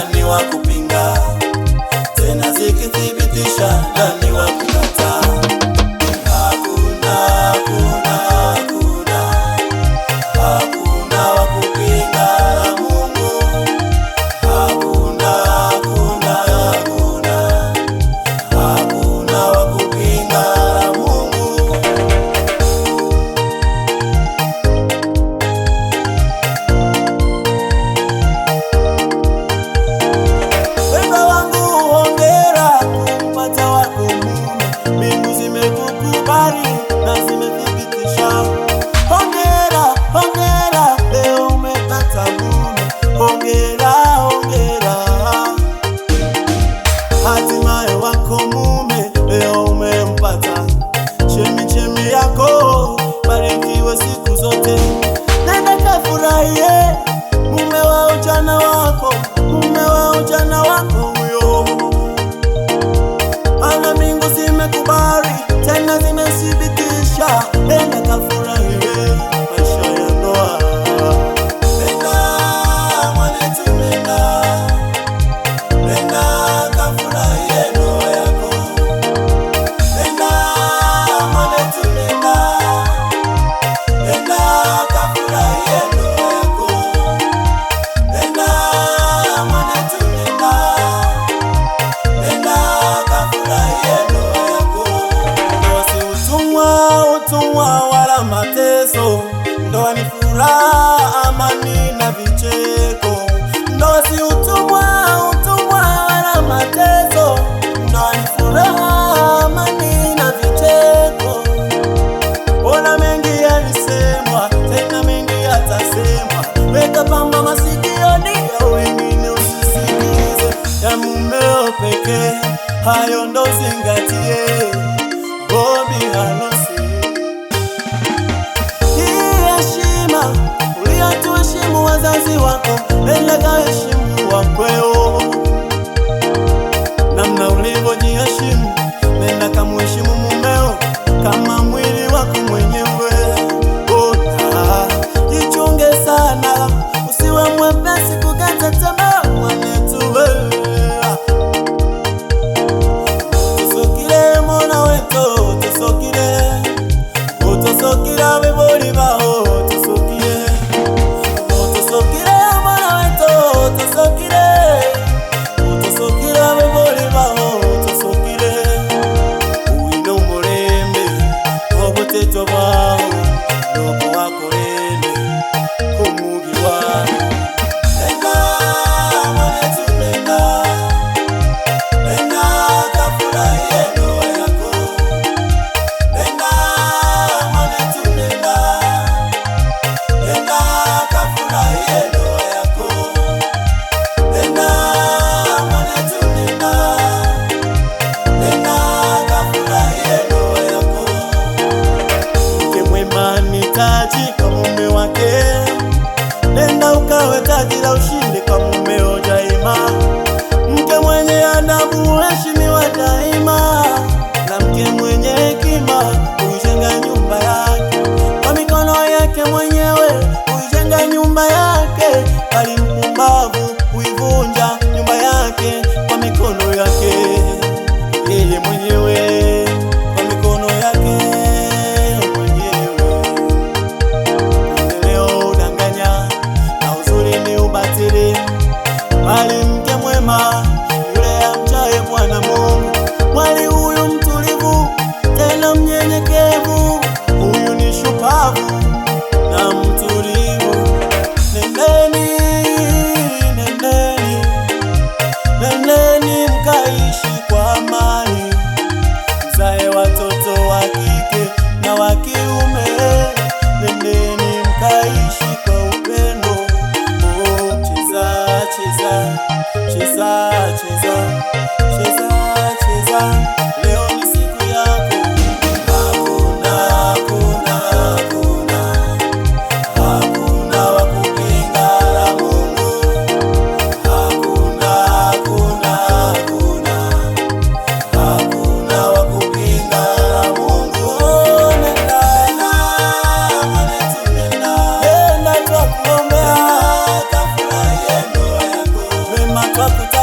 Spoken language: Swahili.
nani wa kupinga? Tena zikithibitisha nani wa kupinga? kusumbua wala mateso. Ndoa ni furaha, amani na vicheko. Ndoa si utumwa, utumwa wala mateso. Ndoa ni furaha, amani na vicheko. Ona mengi yalisemwa, tena mengi yatasemwa. Weka pamba masikioni, wengine usisikize ya mumeo pekee hayo ushinde kamumeo jaima makokuta